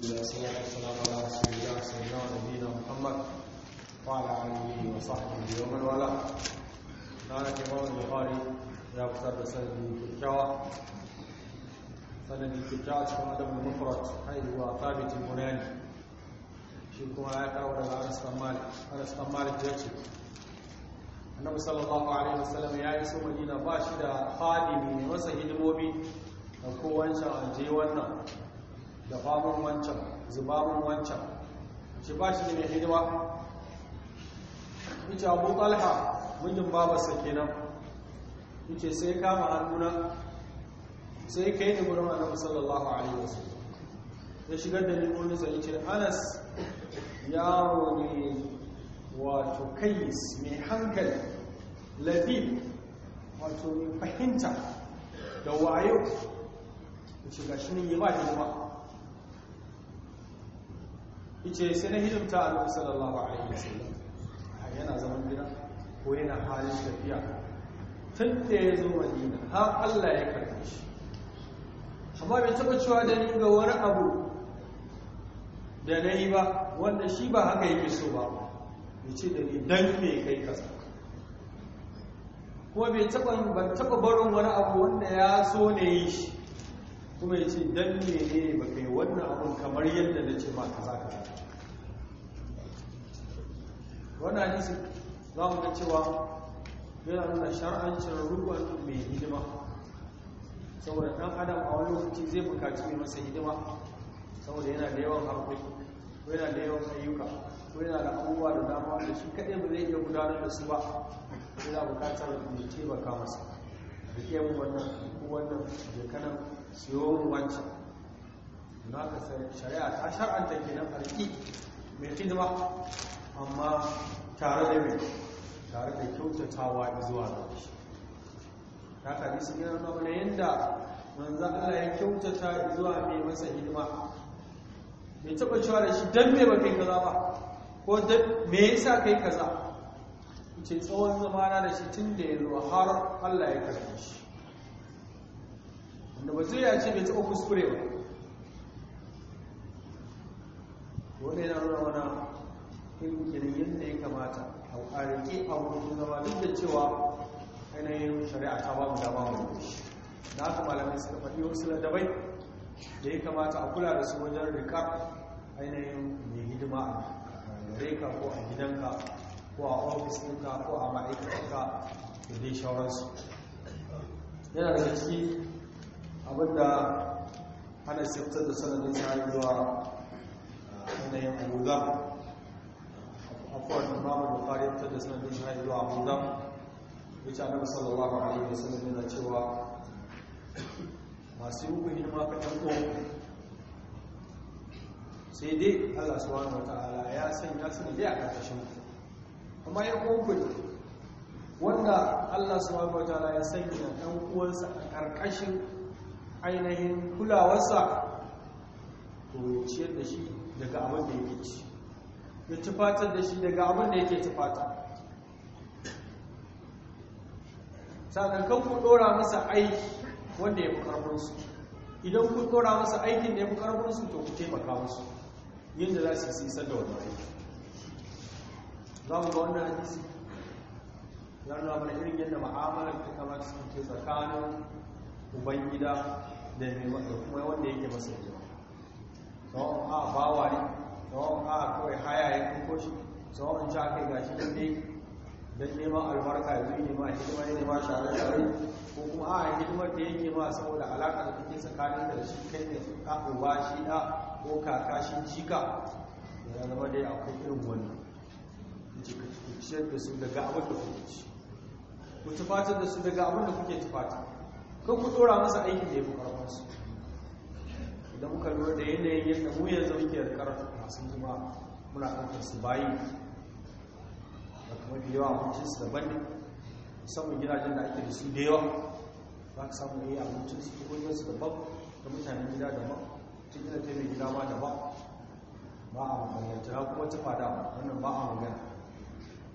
sanadi kyakkyawa cikin adabin mafarat haihuwa tabiti murani shi kuma ya karo daga aras kamali ya ce annabi sallallahu alaihi wasallam ya yi sun madina ba shi da fadi mai masa hidimomi da kowancan aje wannan da famun wancan zubabun wancan shi ba shi ne hidima wuce abu talha mijin babarsa kenan wuce sai kama hannuna sai kai da gurin annabi sallallahu alaihi wasallam ya shigar da ni wani sai ce Anas Ya ne wato kai mai hankali labib wato mai fahimta da wayo wuce shi ne ya ba hidima ice sai na hidimta annabi sallallahu alaihi wasallam yana zaman gida ko yana halin tafiya tun da ya zo madina har Allah ya karbe shi amma bai taba cewa da ni ga wani abu da na yi ba wanda shi ba haka yake so ba ya ce da ni dan me kai kasa kuma bai taba ban taba barin wani abu wanda ya so ne yi shi kuma ya ce don mene ne ba kai wannan abin kamar yadda na ce ba ka za ka wannan hadisi za mu ga cewa yana nuna shar'ancin ruwan mai hidima saboda ɗan adam a wani lokaci zai bukaci mai masa hidima saboda yana da yawan harkoki ko yana da yawan ayyuka ko yana da abubuwa da dama da shi kaɗai ba zai iya gudanar da su ba yana bukatar mai taimaka masa da ke wannan wannan jikanan siyo wancan za ka shari'a ta shar'anta kenan alƙi mai hidima amma tare da mai tare da kyautatawa zuwa ga shi ta kaji su gina na yadda manzo Allah ya kyautata zuwa mai masa hidima bai taɓa cewa da shi don me ba kai kaza ba ko me yasa kai kaza ce tsawon zamana da shi tun da ya har Allah ya karbe shi da ba zai yace bai taɓa kuskure ba wanda yana nuna wana in yadda ya kamata a rike a wurin zama duk da cewa ainihin shari'a ta ba mu dama mu da haka malamai suka faɗi wasu ladabai da ya kamata a kula da su wajen rika ainihin mai hidima a gare ka ko a gidanka ko a ofis ɗinka ko a ma'aikatanka da dai shawararsu yana da ciki abinda ana shiftar da sanadin sa'ayi zuwa yanayin abuzam afuwar imamu bukari ya fitar da sanadin sa'ayi zuwa abuzam wuce annabi sallallahu alaihi wasallam yana cewa masu yi hukun hidima ka ɗan ƙon sai dai allah subhanahu wa ta'ala ya sanya su ne a ƙarƙashin amma ya ƙon wanda allah subhanahu wa ta'ala ya sanya ɗan uwansa a ƙarƙashin ainihin kulawarsa to ya ciyar da shi daga abin da yake ci ya tufatar da shi daga abin da yake tufata sakankan ku dora masa aiki wanda ya fi karfinsu idan ku dora masa aikin da ya fi karfinsu to ku taimaka musu yadda za su yi sisar da wani aiki za mu ga wannan hadisi ya yana mana irin yadda ma'amalar ta kamar su ke tsakanin ubangida da mai wanda yake masa yi tsawon a bawa ne tsawon a kawai haya ya kuko shi tsawon ca kai gashi shi dai don neman albarka ya zuyi ma hidima ne ma share-share ko kuma a hidimar da yake ma saboda alaƙa da take tsakanin da shi kai ne ka uba shi da ko kaka shi jika ya zama dai akwai irin wani jika da su daga abin da kuke ci ku tufatar da su daga abin da kuke tufatar ko ku dora masa aikin da ya fi karfansu idan muka lura da yanayin yadda mu yanzu muke da karatu masu zuma muna ɗaukar su bayi da kuma da yawa abincin su daban ne musamman gidajen da ake da su da yawa za ka samu yayi eh, abincin su tukunyar su daban da mutanen gida daban cikin gida ta mai gida ma daban ba a magana ta kuma tufa da wannan ba a magana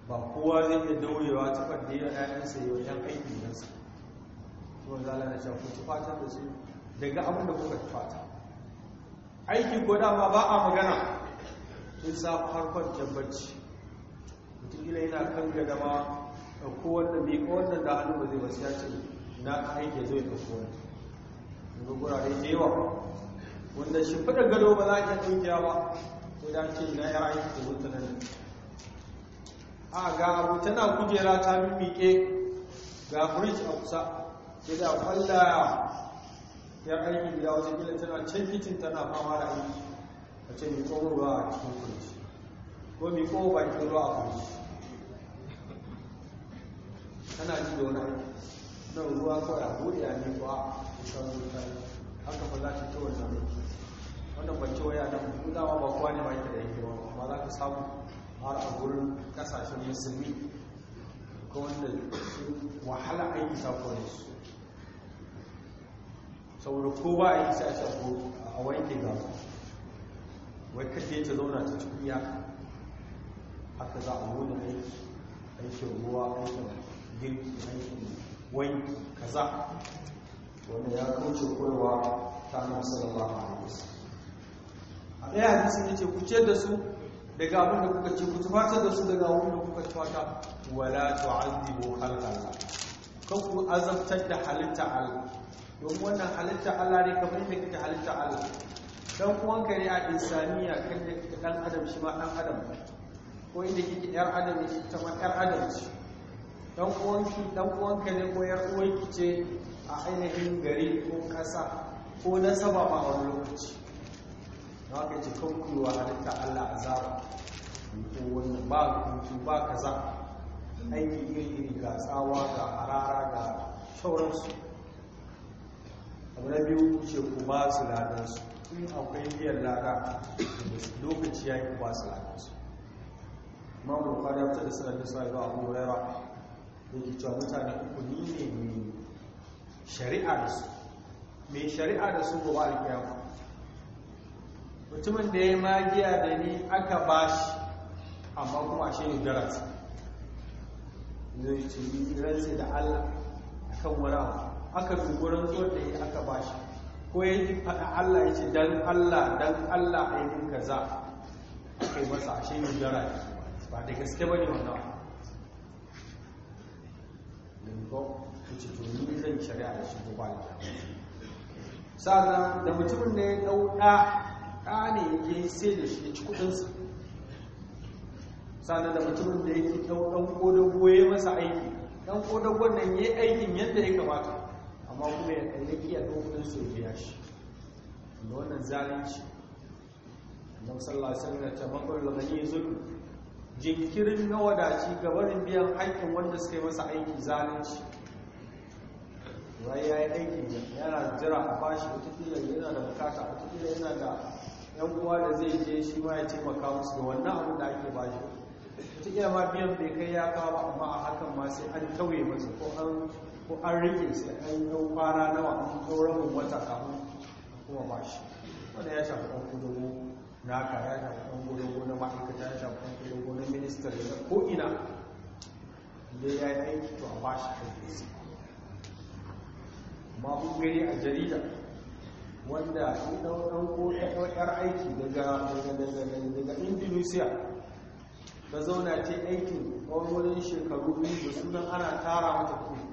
ba kowa zai iya daurewa tufar da yawa 'ya'yansa yau 'yan aiki don kuma za a cewa ku ci fatar da su daga abinda kuka ci fata aiki ko dama ba a magana Sun sa har kwanciyar mutum gina yana kan gada ma a kowanne mai kowanne da hannu ba zai ba ya ce na aiki zai ɗauko kowanne daga gurare da yawa wanda shi fada gado ba za a yi ɗaukiya ba ko da ce na yi aiki da na nan a ga abu tana kujera ta mimike ga bridge a kusa sai da kwalla ya aiki gida wajen gila tana can kicin tana fama da aiki a ce mai tsohon ruwa a cikin kurji ko mai kowa bakin ruwa a kurji tana ji da wani aiki nan ruwa kawai a buɗe a ne kuwa a san zuwa haka fa za ta ta wannan aiki wannan ce waya nan mun dama ba kowa ne ba yake da yake ba ba za ka samu har a gurin kasashen musulmi ko wanda wahala aiki sa kore su saboda ko ba a sa a ko a wanke ga wai kashe ta zauna ta cikin iyaka haka za a wuni aiki aikin ruwa aikin girki aikin wanki kaza wanda ya kauce koyarwa ta na sallallahu a wasallam a ɗaya hadisin yace ku ciyar da su daga abin da kuka ce ku tufata da su daga abin da kuka tufata wala tu'azzibu khalqallah kan ku azabtar da halitta domin wannan halitta Allah ne kamar yadda kake halitta Allah dan uwanka ne a insaniya kan da kake dan adam shi ma dan adam ko inda kike yar adam shi ta ma yar adam shi dan uwanki dan uwanka ne ko yar uwanki ce a ainihin gari ko kasa ko na saba ma wani lokaci na haka ce kuwa halitta Allah azaba ko wannan ba hutu ba kaza aiki iri ga tsawa ga harara ga sauransu abu na biyu ce ba su ladarsu in akwai biyan lada lokaci ya yi ba su ladansu mamu bukari ya da sanar da sa'ayi ba abu wayara da ke cewa mutane uku ni ne mai shari'a da su mai shari'a da su gobe alkiyama mutumin da ya yi magiya da ni aka ba shi amma kuma shi ne darasa zai ce ni rantsi da allah akan wani abu aka dubi rantsuwar da ya aka ba shi ko ya yi faɗa Allah ya ce dan Allah dan Allah a yi za aka yi masa ashe mai jara ba da gaske ba ne wannan limbo ya ce to ni zan shari'a da shi ba da sa'an da mutumin ne ya ɗauka, ɗa ne ya sai da shi ya ci kuɗinsa sa'an da mutumin da ya ɗauka, ko da ya masa aiki ɗan ƙodagon nan ya yi aikin yadda ya kamata amma kuma ya kalli kiyar ɗaukun sai biya shi da wannan zalunci annabi sallallahu alaihi wasallam ta makar da gani jinkirin na wadaci gabanin biyan haƙƙin wanda suka yi masa aiki zalunci wai ya yi aikin yana jira a bashi wataƙila yana da bukata wataƙila yana da yan uwa da zai je shi ma ya taimaka musu da wannan abin da ake bashi cikin ma biyan bai kai ya kawo amma a hakan ma sai an tauye masa ko an ko an rike sai an yau kwana nawa an tauran wata kafin kuma ba shi wanda ya shafi ɗan kudugu na ka ya shafi ɗan kudugu na ma'aikata ya shafi ɗan kudugu na ministar da ko ina da ya yi aiki to a ba shi kan nesa ma kun gani a jarida wanda sun ɗan ko ɗan aiki daga indonesia ta zauna ce aikin wani shekaru biyu da sunan ana tara mata kuɗi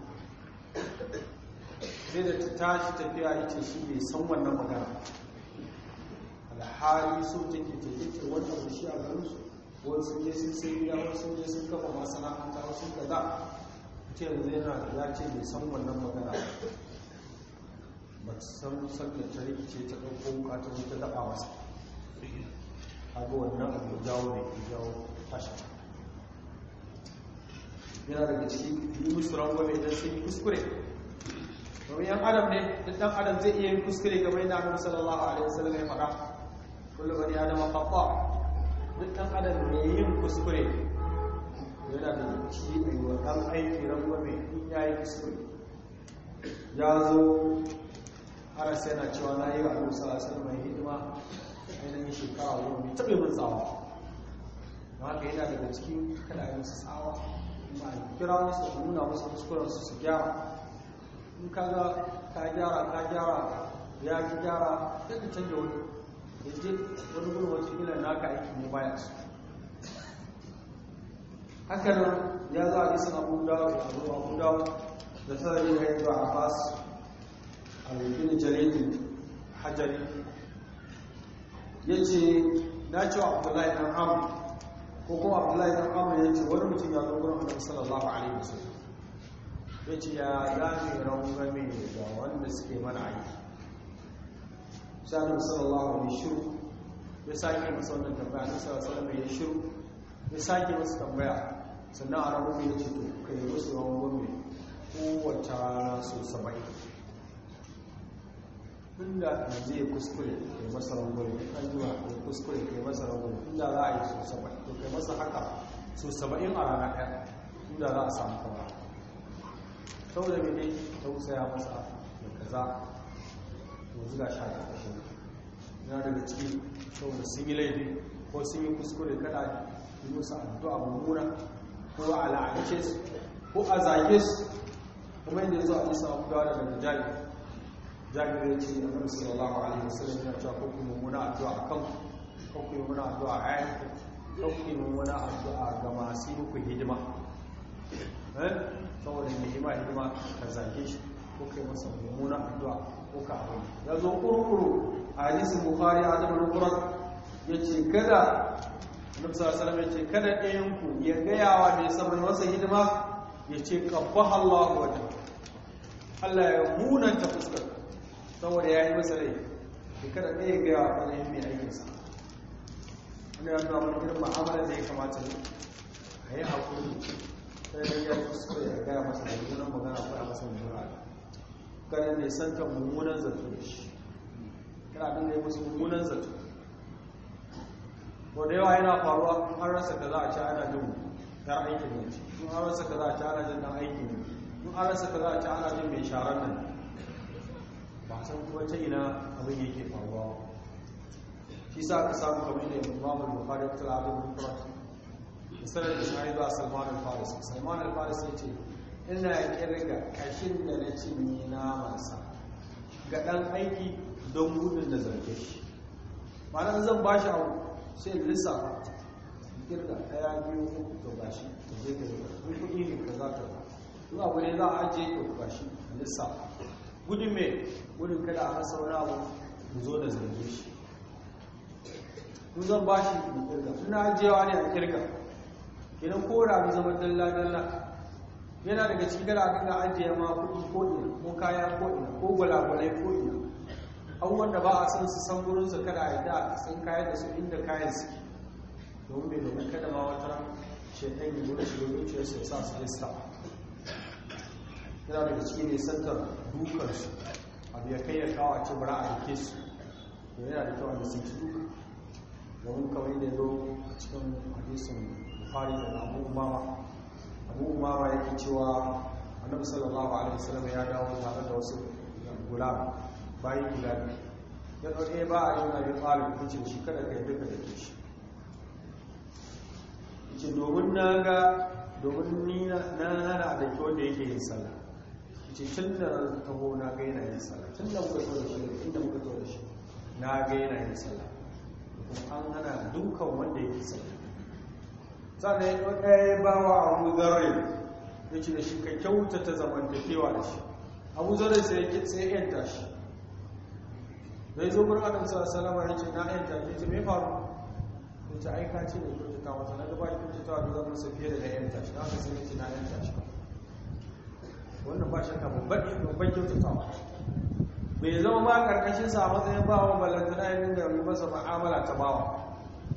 sai da ta tashi tafiya ita shi bai san wannan magana alhali so take ta yake wannan abu shi a garin su wani sun je sun sai gida wani sun je sun kafa masana'anta wasu kaza ce yanzu yana ya ce bai san wannan magana ba san sanda ta rikice ta ɗauko wuka ta ta daɓa masa kaga wannan abu jawo mai jawo tashi yana daga ciki yi musu rangwame don sun yi kuskure domin yan adam ne duk dan adam zai iya yin kuskure kamar yadda Annabi sallallahu alaihi wasallam ya faɗa kullu bani adam khata duk dan adam ne yin kuskure yana da shi mai wa dan aiki ranwa mai in yayi kuskure ya zo har sai na cewa na yi wa Annabi sallallahu alaihi wasallam hidima ainihin shekara goma mai taɓe mun tsawa haka yana daga cikin kada a musu tsawa ma kira musu nuna musu kuskuren su su gyara in ka ga ka gyara ka gyara ya ki gyara sai ka canja wani yaje wani gurin gina na ka aiki mu baya su haka nan ya za a yi isa abu dawo da abu abu dawo da sarari ya yi zuwa abbas a rikin jaridin hajjari ya ce na ce wa abdullahi dan amu ko kuma abdullahi dan amu ya ce wani mutum ya zo gurin annabi sallallahu alaihi wasallam ya ce ya zami rangwame da wanda suke mana aiki shaɗin sallallahu alaihi shiru ya sake masa wannan tambaya na sallallahu alaihi ya shiru ya sake masa tambaya sannan a rangwame ya ce to kai wasu rangwame kowace rana so saba'in inda yanzu ya kuskure kai masa rangwame an yi ya kuskure kai masa rangwame inda za a yi su saba'in to kai masa haka su saba'in a rana ɗaya inda za a samu kawai saboda mai dai tausaya masa da kaza yanzu ga sha ƙarƙashin na daga ciki saboda sun yi laifi ko sun yi kuskure kada yi musu a mummuna ko a la'ance su ko a zage su kuma yadda zuwa a isa abu da daga jami jami ya ce a nan sallallahu alaihi wasallam ya cewa ko kuma muna addu'a a kan ko kuma muna addu'a a yayin ko kuma muna addu'a ga masu muku hidima eh? saboda mai hima hima ka zage shi ko kai masa mummuna addu'a ko ka abu ya zo kurkuru a hadisin bukhari a zabar kuras ya ce kada nabi sallallahu ya ce kada ɗayan ku ya gaya wa mai saman wasa hidima ya ce qabbaha Allahu wa Allah ya munanta fuskar saboda ya yi masa rai ya kada ɗaya gaya wa ɗayan mai sa wani ya Wani irin ma'amalar da ya kamata ne a yi haƙuri sai ya yi kuskure ya gaya masa da mummunan magana ko a masa mummunan kada ne san kan mummunan zato da shi kada abin da ya musu mummunan zato ko da yawa yana faruwa kun harasa rasa kaza a ci ana jin dar aikin ne kun harasa rasa kaza a ci ana jin dan aikin ne kun harasa rasa kaza a ci ana jin mai sharar nan ba san kuma ta ina abin yake faruwa shi sa ka samu kamar da ya Imam Bukhari ta labin Bukhari misalar ismail ba salman al-farisi salman al-farisi ya ce ina kirga kashin da na na masa ga ɗan aiki don gudun da zarge shi ma'ana zan ba shi abu sai lissafa kirga ɗaya biyu uku ba shi da zai ka zai kuɗi ne ka za ka za abu ne za a ajiye ka bashi lissafa gudun me gudun kada a rasa wani abu mu zo da zarge shi mun zan ba shi kirga suna ajiyewa ne a kirga idan ko rabu zama dalla dalla yana daga cikin gara abin da ajiye ma kuɗi ko ina ko kaya ko ina ko gwalagwalai ko ina an wanda ba a san su san gurin su kada a da a san kayan da su inda kayan suke domin bai domin kada ma wata shekai ne gurin su domin ce su sa su lista yana daga cikin ne santar dukansu abu ya kai ya kawo a ce bara a rike su yana da kyau a da sun ci duka domin kawai da zo a cikin hadisun fari da abu umama abu umama ke cewa annabi sallallahu alaihi wasallam ya dawo tare da wasu gulam bayan guda biyu ya ɗauke eh, ba a yi abin fari ko ce shi kada ka yi duka da ke shi Ke domin na ga domin ni na hana da kyau da yake yin sallah Ke tun da taho na ga yana yin sallah tun da muka zo da shi inda muka zo da shi na ga yana yin sallah an hana dukkan wanda yake sallah sannan ya ɗau ɗaya ba wa abu zarre ya ce da shi ka kyautata zamantakewa da shi abu zarre sai ya yanta shi Bai zo gurin adam sa salama ya ce na yanta ya ce mai faru ya ce aika ce da kyautata wata na gaba da kyautata wata zan masa fiye da na yanta shi na haka sai ya ce na yanta shi wannan ba shakka babban babban kyautatawa bai zama ma karkashin sa a matsayin bawa ballantana ya dinga yi masa ma'amala ta bawa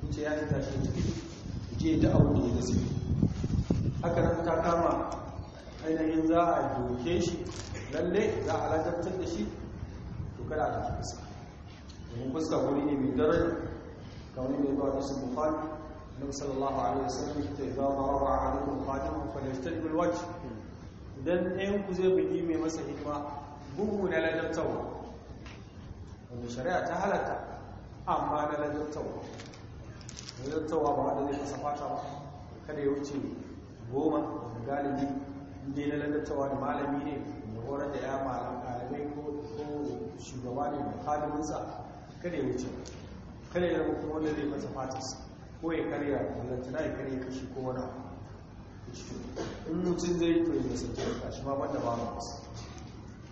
in ce ya yi tashi je ta abu da ya sai haka nan ta kama ainihin za a doke shi lalle za a lantartar da shi to kada ta fuska domin fuska wuri ne mai daraja kamar yadda ya ba da su bukari annabi sallallahu alaihi wasallam ta yi zama rawa a hannun fatima falastin bulwaci idan ɗayan ku zai bugi mai masa hikima bugu na ladabtawa wanda shari'a ta halatta amma na ladabtawa zartawa ba wanda zai kasa fata ba kada ya wuce goma galibi inda na lalattawa da malami ne da horar da ya malam ɗalibai ko shugaba ne da haliminsa kada ya wuce kada ya rubuta wanda zai kasa fatas ko ya karya lalattana ya karya kashi ko wani in mutum zai to ya sake kashi ma banda ba ma wasu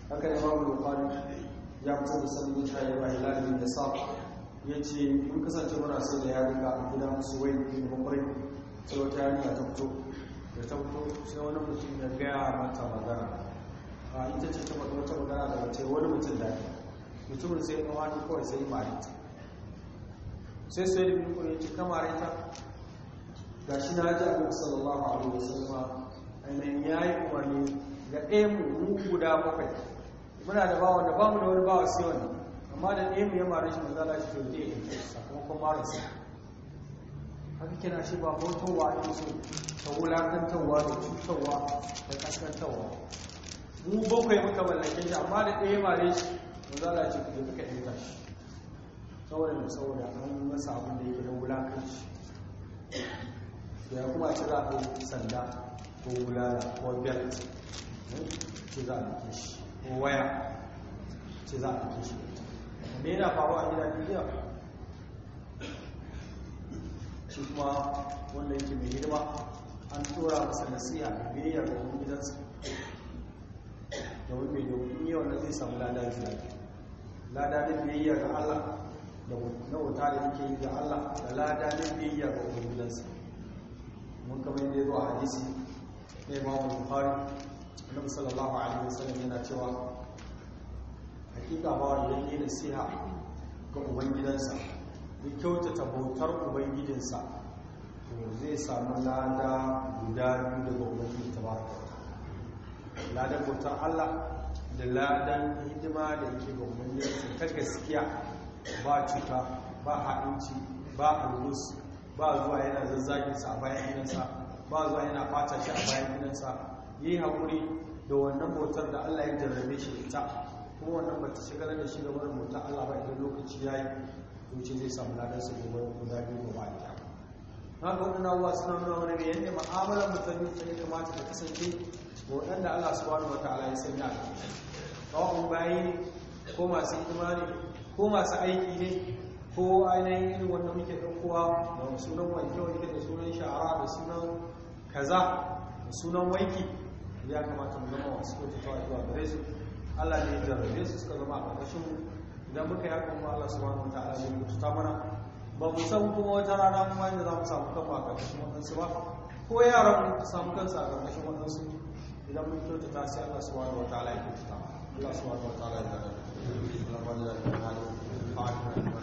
haka ne babu lokali ya fito da sanin mutane ba hilalin da sa ya ce mun kasance muna sai da yarinka a gida su wai ne kwarai sai wata yarinya ta fito da ta fito sai wani mutum ya gaya mata magana a ita ce ta faɗi wata magana da wata wani mutum da mutumin sai kawai wani kawai sai mare ta sai sai da biyu ya ce mara ita ga shi na ji abin sallallahu alaihi sallama ainihin ya yi umarni ga ɗaya mu guda bakwai muna da bawa da bamu da wani bawa sai wani amma da ɗaya mu yamma shi mazala shi shote ya yanke sakamakon marasa haka kina shi ba hotowa a yanzu ta wulakantarwa da cutarwa da kaskantarwa mu bakwai muka mallake shi amma da ɗaya mare shi mazala shi kuɗi muka ɗinka shi saboda da saboda an masa abin da yake na wulakanci da ya kuma ci za a sanda ko wulala ko belt eh, ce za a ɗauke shi ko waya ce za a ɗauke shi me yana faruwa a gida duniya shi kuma wanda yake mai hidima an tura masa nasiha da biyayya ga wani gidansa domin mai domin iya wannan zai samu lada da lafiya lada da biyayya ga Allah da na wuta da yake yi ga Allah da lada da biyayya ga wani gidansa mun kama yadda ya zo a hadisi na imamu bukhari annabi sallallahu alaihi wasallam yana cewa hakika ba wannan da siya ga ubangidansa ya kyautata bautar ubangidinsa to zai samu lada guda biyu daga ubangiji ta ba? ladan bautar Allah da ladan hidima da yake ga ubangidinsa ta gaskiya ba cuta ba haɗinci ba alus ba zuwa yana zazzaginsa a bayan gidansa ba zuwa yana fata shi a bayan gidansa yi haƙuri da wannan bautar da Allah ya jarrabe shi ita kuma wannan ba ta shagalar da shi ga wani mutum Allah ba idan lokaci ya yi wuce zai samu ladan su wani guda biyu ba ba ta na ga wani abubuwa suna nuna wani da yadda ma'amalar mutane ta ya kamata ta kasance ga waɗanda Allah su wani wa ta'ala ya sanya a cikin kawai bayi ko masu imani ko masu aiki ne ko ainihin irin wanda muke ɗaukowa da sunan wanke-wanke da sunan shara da sunan kaza da sunan waiki ya kamata mu zama wasu kyautatawa zuwa gare su Allah ne da rabe su suka zama a ƙarƙashin idan muka yi kuma Allah subhanahu wataala zai mutunta mana ba mu san kuma wata rana mu ma inda za mu samu kanmu a ƙarƙashin waɗansu ba ko yaran mu samu kansu a ƙarƙashin waɗansu idan mun kyauta ta sai Allah subhanahu wataala ya mutunta Allah subhanahu wataala ya da Allah ba da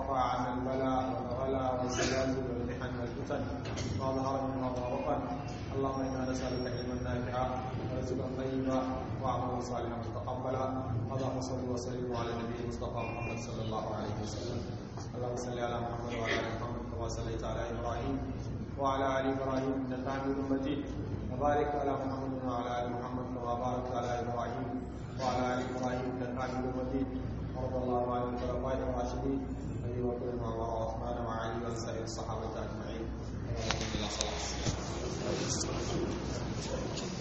ورفع عن البلاء والغلا والزلازل والمحن والفتن ما ظهر منها وما اللهم انا نسالك علما نافعا ورزقا طيبا وعملا صالحا متقبلا اللهم صل وسلم على النبي المصطفى محمد صلى الله عليه وسلم اللهم صل على محمد وعلى ال محمد كما صليت على ابراهيم وعلى ال ابراهيم انك حميد مجيد وبارك على محمد وعلى ال محمد كما باركت على ابراهيم وعلى ال ابراهيم انك حميد مجيد وارض اللهم عن الخلفاء الراشدين وصحبه وكلم وعثمان وعلي وسائر الصحابه اجمعين اللهم صل على